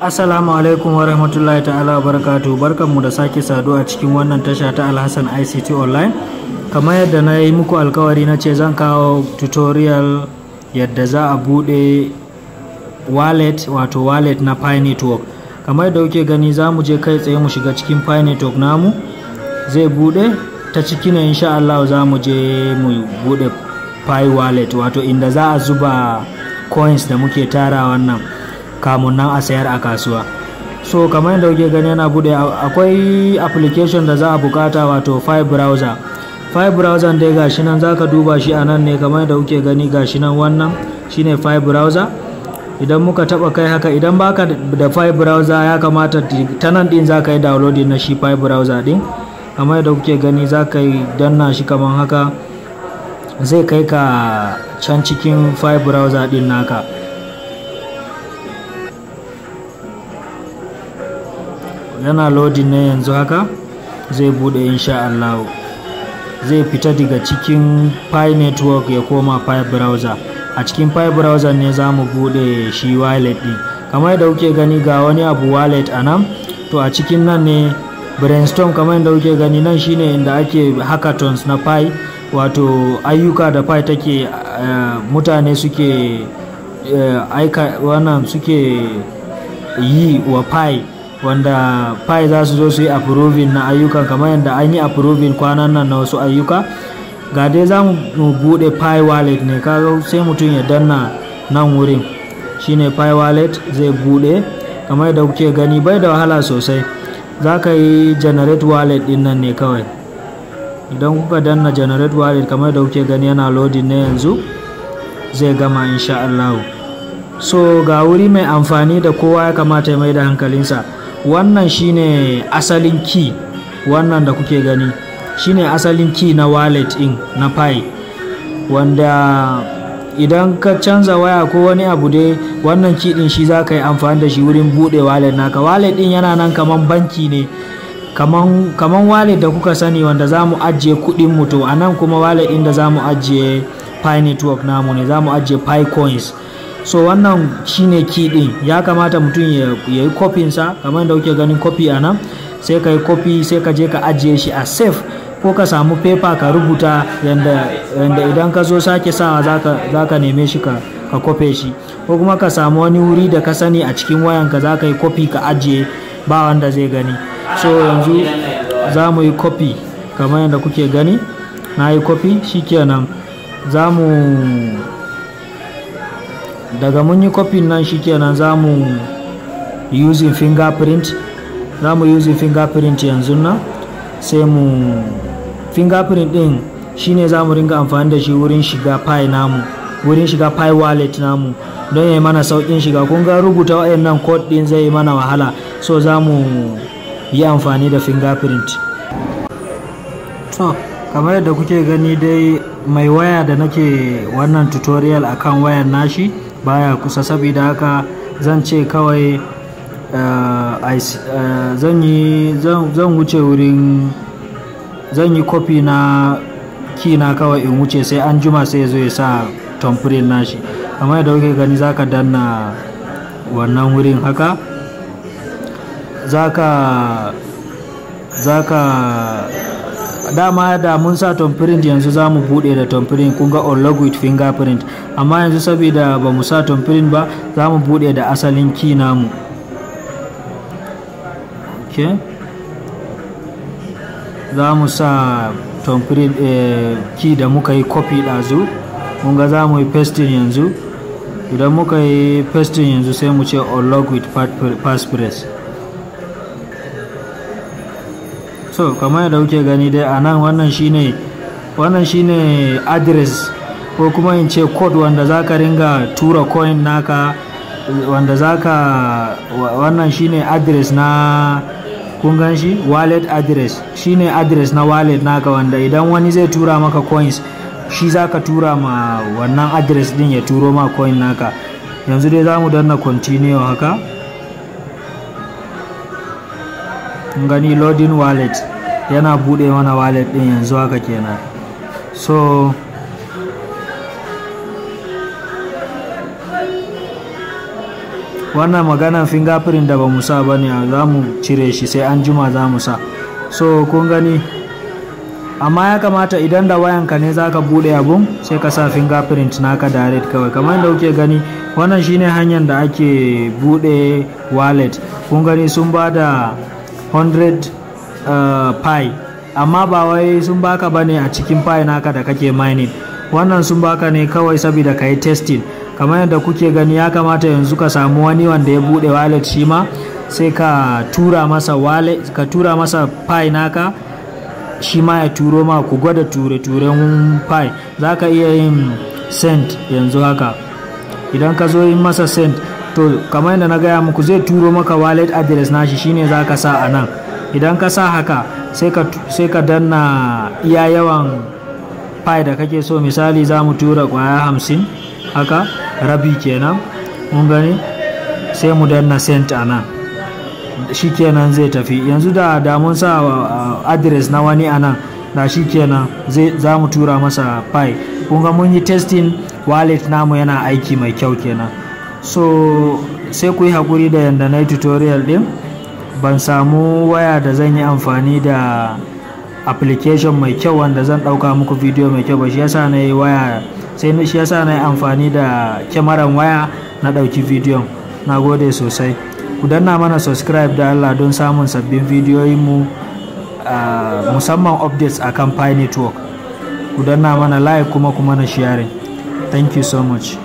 Assalamu alaikum wa rahmatullahi ta'ala wa barakatuhu barkanmu da sake sadu a cikin wannan tasha ta Alhassan ICT online kamar yadda na yi muku alkawari na ce zan kawo tutorial yadda za a bude wallet wato wallet na Pi network kamar yadda kuke gani za mu je kai tsaye mu shiga cikin Pi network namu zai bude ta ciki ne insha Allah za mu je mu bude Pi wallet wato inda za a zuba coins da muke tara wannan kamun nan a sayar a kasuwa so kamar yadda kuke gani yana bude akwai application da za a bukata wato file browser file browser dai gashi nan zaka duba shi a nan ne kamar yadda kuke gani gashi nan wannan shine file browser idan muka taba kai haka idan baka da file browser ya kamata ta nan din zaka yi downloading na shi file browser din kamar yadda kuke gani zaka yi danna shi kamar haka zai kai ka can cikin file browser din naka yana lodin ne yanzu haka zai bude insha Allah zai fita daga cikin pi network ya koma pi browser a cikin pi browser ne za mu bude shi wallet din kamar da kuke gani ga wani abu wallet a nan to a cikin nan ne brainstorm kamar da kuke gani nan shine inda ake hackathons na pi wato ayyuka da pi take uh, mutane suke eh, aika wannan suke yi wa pi wanda pi za su zo su yi approving na ayyukan kamar yadda an yi approving kwanan nan na wasu ayyuka ga dai za mu bude pi wallet ne kaga sai mutum ya danna nan wurin shine pi wallet zai bude kamar yadda kuke gani bai da wahala sosai za ka yi generate wallet din nan ne kawai idan kuka danna generate wallet kamar yadda kuke gani yana loading ne yanzu zai gama insha Allah so ga wuri mai amfani da kowa ya kamata ya mai da hankalinsa wannan shine asalin key wannan da kuke gani shine asalin key na wallet in na pi wanda idan ka canza waya ko wani abu dai wannan key din shi za ka yi amfani da shi wurin bude wallet naka wallet din yana nan kamar banki ne kaman, kaman wallet da kuka sani wanda za mu ajiye kudin mu to a kuma wallet din da za mu ajiye pi network namu ne za mu ajiye pi coins so wannan shine key ya kamata mutum ya yi copy sa kamar da kuke ganin copy a nan sai ka yi copy sai ka je ka ajiye shi a safe ko ka samu paper ka rubuta yanda idan ka zo sake sawa za ka neme shi ka ka kofe shi ko kuma ka samu wani wuri da ka sani a cikin wayanka za ka yi kofi ka ajiye ba wanda zai gani so yanzu za mu yi kofi kamar yadda kuke gani na yi kofi shikenan za mu daga mun yi kofin nan shikenan za mu using fingerprint za mu using fingerprint yanzu nan sai mu fingerprint din shine za mu ringa amfani da shi wurin shiga pi namu wurin shiga pi wallet namu don ya yi mana saukin shiga kun ga rubuta wayannan code din zai yi mana wahala so za mu yi amfani da fingerprint to kamar yadda kuke gani dai mai waya da nake wannan tutorial akan wayan nashi baya kusa saboda haka zan ce kawai eh, eh, zan wuce wurin zan yi kofi na kina kawai in wuce sai an juma sai zo ya sa tamfurin nashi amma da kuke gani za ka danna wannan wurin haka za ka dama da mun sa print yanzu za mu buɗe da print kun ga all with fingerprint amma yanzu saboda ba mu sa print ba za mu buɗe da asalin key namu okay. za mu sa print eh, key da muka yi copy ɗazu mun ga za mu yi pasting yanzu idan muka yi pasting yanzu sai mu ce all with passphrase so kamar yadda kuke gani dai a nan wannan shine wannan shine address ko kuma in ce code wanda za ka ringa tura coin naka wanda za ka wannan shine address na kun gan shi wallet address shine address na wallet naka wanda idan wani zai tura maka coins shi za ka tura ma wannan address din ya turo ma coin naka yanzu dai za mu danna continue haka gani loading wallet yana bude mana wallet din yanzu haka kenan so wannan maganan fingerprint da ba mu sa ba ne za mu cire shi sai an juma za mu sa so kun gani amma ya kamata idan da wayanka ne zaka ka buɗe abun sai ka sa fingerprint naka direct kawai kamar da kuke gani wannan shine hanyar da ake bude wallet kun gani sun bada. 100 uh, pi amma ba wai sun baka ne a cikin pi naka da kake mining wannan sun baka ne kawai saboda ka yi testing kamar yadda kuke gani ya kamata yanzu ka samu wani wanda ya bude wallet shi ma sai ka tura masa wallet ka tura masa pi naka shi ma ya turo ma ku gwada ture-turen pi za ka iya yin cent yanzu haka idan ka zo yin masa cent. to kamar yadda na gaya muku zai turo maka wallet address nashi shine za ka sa a nan idan ka sa haka sai ka danna iya yawan pi da kake so misali za mu tura kwaya hamsin haka rabi kenan mun gani sai mu danna sent a nan shi kenan zai tafi yanzu da damun sa adres na wani a nan da shi kenan za mu tura masa pi kun ga mun yi testing wallet namu yana aiki mai kyau kenan so sai ku yi haƙuri da yadda na yi tutorial ɗin ban samu waya da zan yi amfani da application mai kyau wanda zan ɗauka muku video mai kyau ba shi yasa na yi waya sai shi yasa na yi amfani da kyamaran waya na ɗauki video na gode sosai ku danna mana subscribe da Allah don samun sabbin bidiyoyinmu mu musamman updates kan pi network ku danna mana like kuma kuma na sharing thank you so much